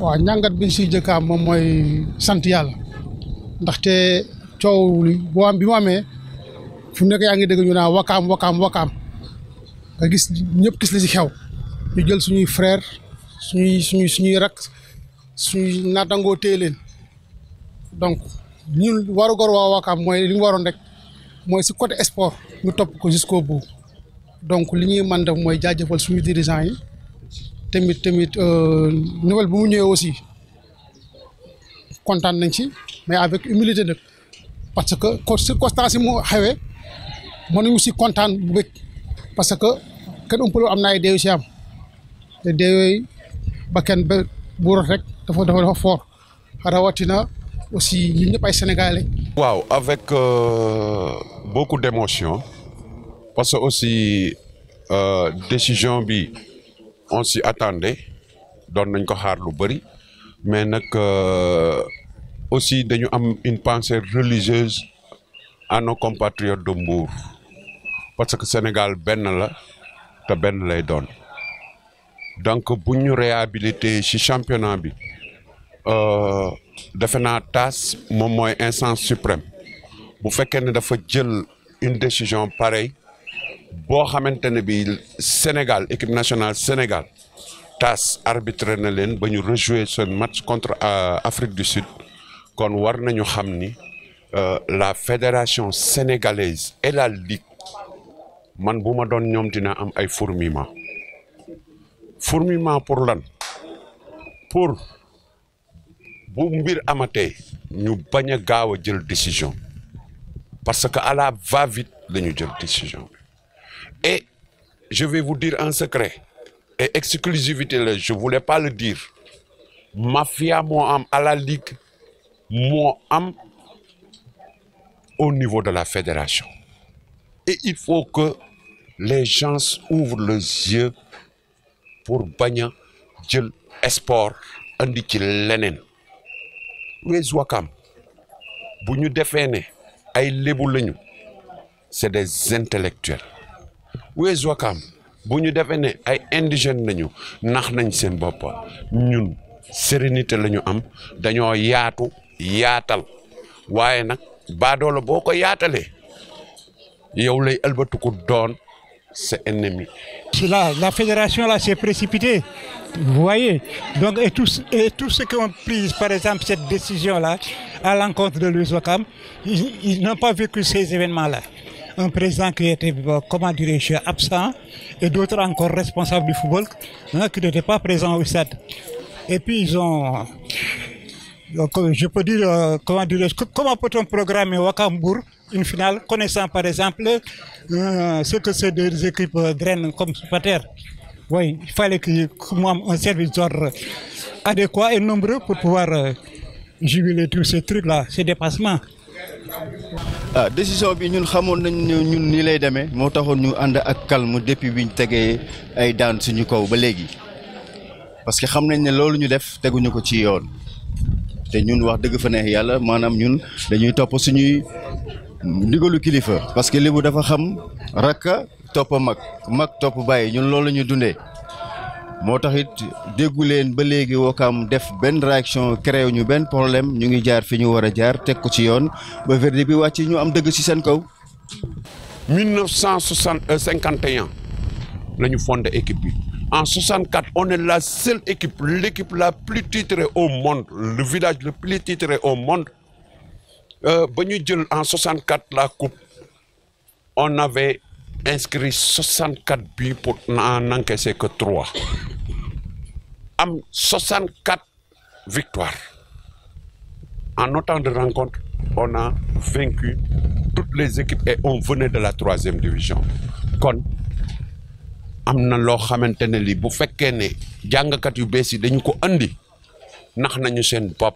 wa ñangat biñ ci jëk am moy sant yalla ndax té ciowul bo am bi mu amé wakam. nek nekk nah, yaa dégg ñu na wakam wakam wakam nga gis ñëpp gis la ci xew ñu jël suñuy frère suñuy suñuy suñuy rak suñuy naatangoo téye leen donc ñun waru gor wa wakam moy li waron rek mooy si côté sport ñu topp ko jusqu'au bout donc li ñuy mën def mooy jaajëfal suñu dirigeant yi tamit tamit euh, nouvelle ba mu ñëwee aussi kontaan nañ ci mais avec humilité nag parce que circonstance yi mu xewee mënuñu si kontaan bu bëgg parce que kenn umpaloo am na ay deewu si am te ba kenn ba buurot rek dafa dafa dafa fort rawatina. aussi ñun ñëpp sénégalais. Wow, avec euh, beaucoup d'émotion parce que aussi euh, décision bi on s'y attendait donc nañ ko xaar lu bëri mais avons euh, aussi dañu am une pensée religieuse à nos compatriotes de Mbour parce que le Sénégal bien là, te ben lay doon donc bu ñu réhabiliter ci championnat bi. Euh, defe tasse tasse, moom un sens suprême bu qu'elle ne dafa jël une décision pareille Bon, xamante ne bi Sénégal équipe nationale Sénégal Tasse arbitré na leen ba rejouer ce match contre euh, Afrique du Sud kon war nañu xam euh, la fédération sénégalaise et la ligue man bu dina am ay fourmillement fourmillement pour lan pour nous mbir amatee ñu baña décision parce que Allah va-vite la jël décision et je vais vous dire un secret et exclusivité je je voulais pas le dire mafia moi à la ligue moi au niveau de la fédération et il faut que les gens ouvrent les yeux pour baña espoir jël sport andi ngeen Wakam bu ñu defee ne ay lébu lañu c'est des intellectuels wees Wakam bu ñu defee ne ay indigènes lañu nax nañ seen bopp ñun sérénité la ñu am dañoo yaatu yaatal waaye nag baadoolo boo ko yaatalee yow lay ëlbatu doon c'est ennemi. La, la fédération là s'est précipitée, vous voyez. Donc, et tous, et tous ceux qui ont pris, par exemple, cette décision-là à l'encontre de Louis Wakam, ils, n'ont pas vécu ces événements-là un président qui était, comment dirais-je, absent, et d'autres encore responsables du football, hein, qui n'étaient pas présents au stade. Et puis ils ont, donc, euh, je peux dire, euh, comment dire, comment peut-on programmer Wakambour une finale, connaissant par exemple euh, ce que ces deux équipes drainent comme supporters. Oui, il fallait que moi un service d'ordre adéquat et nombreux pour pouvoir euh, jubiler tous ces trucs-là, ces dépassements. ah décision bi ñun xamoon nañ ñun ni lay démé mo taxone ñu ànd ak calme depuis bi ñu ay daan suñu kaw ba légui parce que xam nañ ne ñu def teguñu ñuko ci yoon té ñun wax dëgg fa né yalla manam ñun dañuy top suñuy ndigalu kilifa parce que dafa xam rakka Mak, Mak Baye, ñun loolu def réaction créé ñu ben problème ñu ngi jaar fi ñu jaar ci 1951 nous fondé équipe en 64 on est la seule équipe l'équipe la plus titrée au monde le village le plus titré au monde. Euh, en 64 la coupe on avait inscrit 64 buts pour n'en encaisser que 3 am 64 victoires en autant de rencontres on a vaincu toutes les équipes et on venait de la troisième division kon on lo xamantene li bu fekkee ne yu yi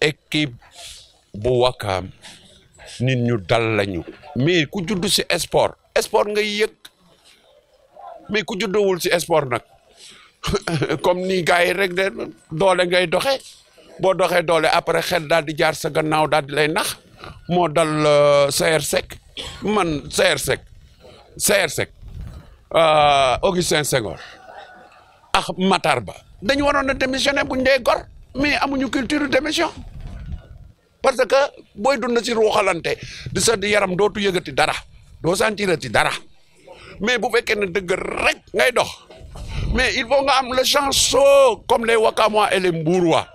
équipe bu wakam nit ñu dal lañu mais ku judd ci sport sport nga yek mais ku juddowul ci sport nak comme ni gaay rek de doole ngay doxé bo doxé doole après xel dal di jaar sa gannaaw dal di lay nax mo dal CR euh, sec man CR sec CR euh Augustin Senghor ak matarba dañu waroon démissioner buñ gor mais amuñu culture d'émission parce que booy dund ci ruuxalante di sa yaram dootu yëgati dara do sentirati dara mais bu fekkene ne rek ngay dox mais il faut nga am le so comme les Wakamois et les À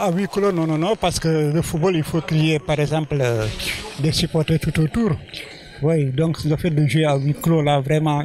Ah oui, non, non, non, parce que le football, il faut crier, par exemple, euh, des supporters tout autour. Oui, donc le fait de jouer à huis clos, là, vraiment,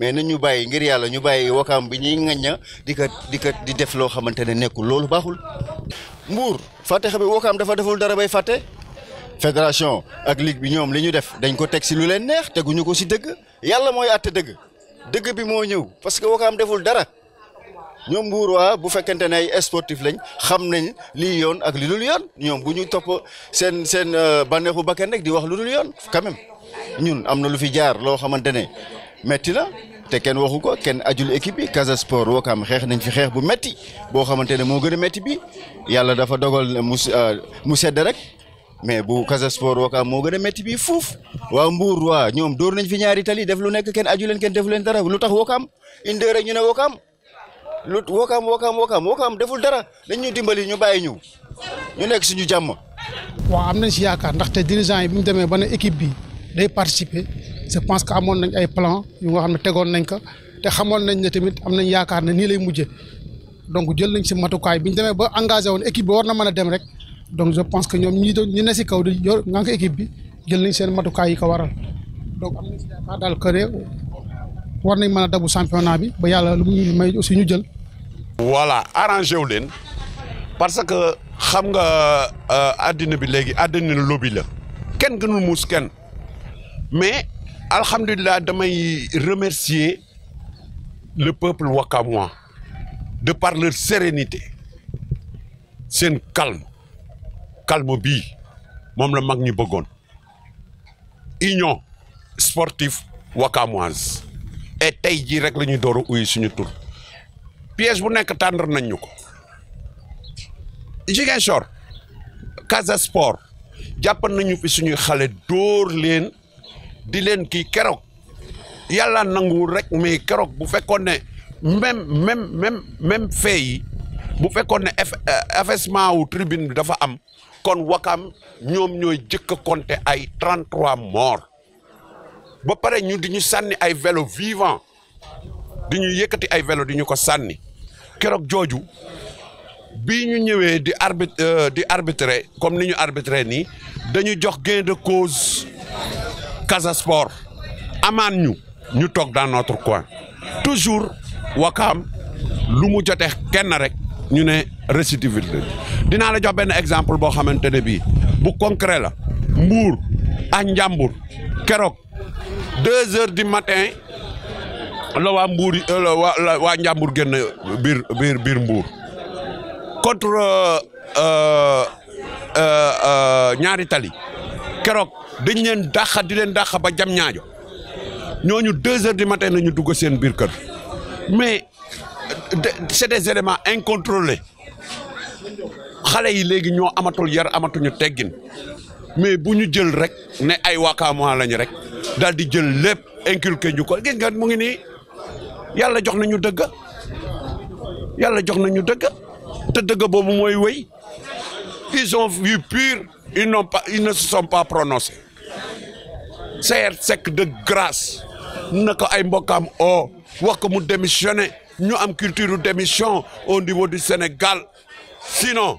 mais ñu bàyyi ngir yàlla ñu bàyyi wokaam bi ñuy ŋañña di di di def loo xamante ne nekkul loolu baaxul. Mbour fàtte xam ne wakaam dafa deful dara bay fàtte. fédération ak ligue bi ñoom li ñu def dañ ko teg si lu leen neex teguñu ko si dëgg yàlla mooy àtte dëgg dëgg bi moo ñëw parce que wakaam deful dara. ñoom mbuur waa bu fekkente ne ay sportif lañ xam nañ lii yoon ak li dul yoon ñoom bu ñu topp seen seen euh, bànneexu bakkan rek di wax lu dul yoon quand ñun am na lu fi jaar loo xamante ne metti na te kenn waxu ko kenn ajul équipe bi Casa Sport Wakaam xeex nañ fi xeex bu metti boo xamante ne moo gën a metti bi yàlla dafa dogal mu euh, mu sedd rek mais bu Casa Sport Wakaam moo gën a metti bi fuuf waa Mbour waa ñoom door nañ fi ñaari tali def lu nekk kenn aju leen kenn defu leen dara lu tax Wakaam indi rek ñu ne Wakaam lu Wakaam Wakaam Wakaam Wakaam deful dara dañ ñu dimbali ñu bàyyi ñu ñu nekk suñu jàmm. waaw am nañ si yaakaar ndaxte dirigeant yi bi ñu demee ba ne équipe bi day participer. je pense que amone nañ ay plan yu nga xam tégon nañ ko té xamone nañ ne tamit am nañ yaakaar ne nii lay mujjé donc jël nañ ci matukaay biñu démé ba engagé won équipe bi war na mëna a dem rek donc je pense que ñom ñi ñi ne ci kaw du yor nga ko équipe bi jël nañ seen matukaay yi ko waral donc am nañ si dal ko rew war nañ mëna dabu championnat bi ba yalla lu muy may aussi ñu jël. voilà arrangé wu len parce que xam nga adina bi légui adina lobby la kenn gënul mus kenn mais. alhamdulilah damay remercier le peuple Wakamwa de par leur sérénité seen calme calme bi. Mom la mag ñu union sportive wakamoise et tey jii rek la ñuy door suñu bu nekk tàndar nañ ñu ko Casa Sport jàppan nañu fi suñuy xale di len ki keroog yalla nangou rek mais keroog bu fekkone mem même même même même fay bu fekkone eh, affaissement wu tribune bi dafa am kon wakam ñom ñoy jëk konté ay 33 morts ba paré ñu di ñu ay vélo vivant di ñu ay vélo di ñu ko sanni keroog joju bi ñu ñëwé di arbitre euh, di arbitrer comme ni ñu arbitrer ni dañu jox gain de cause Casasport, Amman nous, nous sommes dans notre coin. Toujours, Wakam, nous sommes dans Nous sommes récidivistes. Je vais vous donner un exemple pour vous dire que vous concrétez. Mour, Anjambour, Kerok, 2h du matin, le Wamburi, le le Birmour. Contre. Euh, euh, Nyaritali. Euh, kérok dañ leen dàqa di leen dàqa ba jam ñaajo ñoñu 2h du matin lañu dugg seen biir kër mais c'est des éléments incontrôlés xalé yi légui ño amatul yar amatuñu teggin mais buñu jël rek ne ay wakaamaa lañu rek dal di jël lepp inculqué ñu ko gis nga mu ngi ni yalla jox nañu dëgg yalla jox nañu dëgg te dëgg bobu moy wéy Ils ont vu pur, ils, pas, ils ne se sont pas prononcés. un sec de grâce Nous, avons ay mbokkam oo oh, wax ko mu démissionné ñu am culture de démission au niveau du Sénégal sinon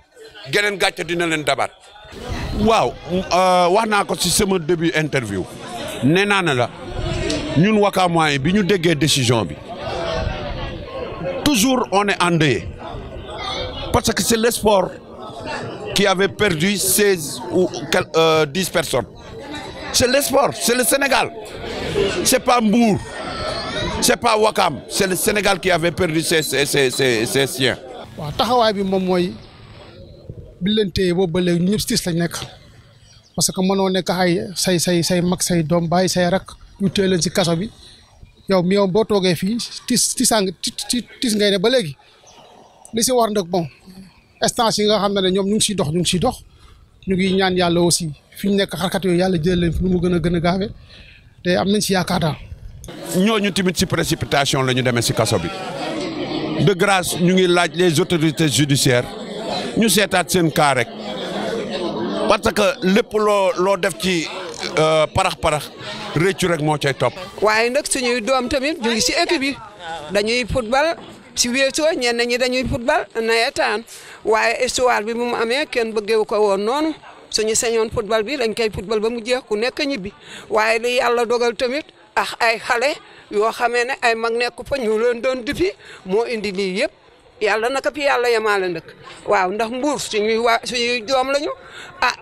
geneen gàcce dina leen dabaat waaw euh, wax naa ko ci sama début interview nee naa ne la ñun Wakaamaayi bi Nous avons décision bi toujours on est endeuillé parce que c'est l'espoir qui avait perdu 16 ou 10 euh, personnes. C'est l'espoir, c'est le Sénégal. C'est pas Mbour, c'est pas Wakam, c'est le Sénégal qui avait perdu ses, siens. parce que instance yi nga xam ne ñoom ñu ngi siy dox ñu ngi ñaan yàlla aussi fi ñu nekk xarkat yooyu yàlla jël leen fi nu mu gën a gën a gaawe te am nañ si yaakaar ñoo ñu tamit si précipitation la ñu demee si kaso bi de grâce ñu ngi laaj les autorités judiciaires ñu seetaat seen cas rek parce que lépp loo loo def ci. Euh, parax parax réccu rek moo cee topp. waaye nag suñuy doom tamit ñu ngi ci équipe yi dañuy football. si weesoo ñenn ñi dañuy football nawetaan waaye histoire bi bu mu amee kenn bëggewu ko woon noonu suñu sañoon football bi dañ koy football ba mu jeex ku nekk ñibbi waaye li yàlla dogal tamit ah ay xale yoo xamee ne ay mag nekk fa ñu leen doon difi moo indi lii yëpp yàlla naka fi yàlla yemaale ndëkk waaw ndax mbuur suñuy waa suñuy doom lañu ah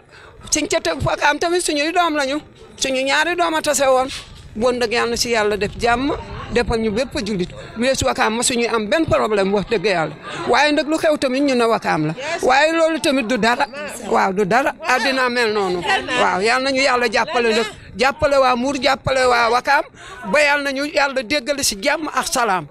suñ ca teg fa am tamit doom lañu suñu ñaari doom a woon bon nag yàlla si yàlla def jàmm. deppa ñu bépp jullit mees wakaam ma suñuy am benn problème wax dëgg yàlla waaye nag lu xew tamit ñu ne wakaam la waaye loolu tamit du dara waaw du dara addina mel noonu waaw yal nañu yàlla jàppale nag jàppale waa muur jàppale waa wakaam ba yal nañu yàlla déggal si jàmm ak salaam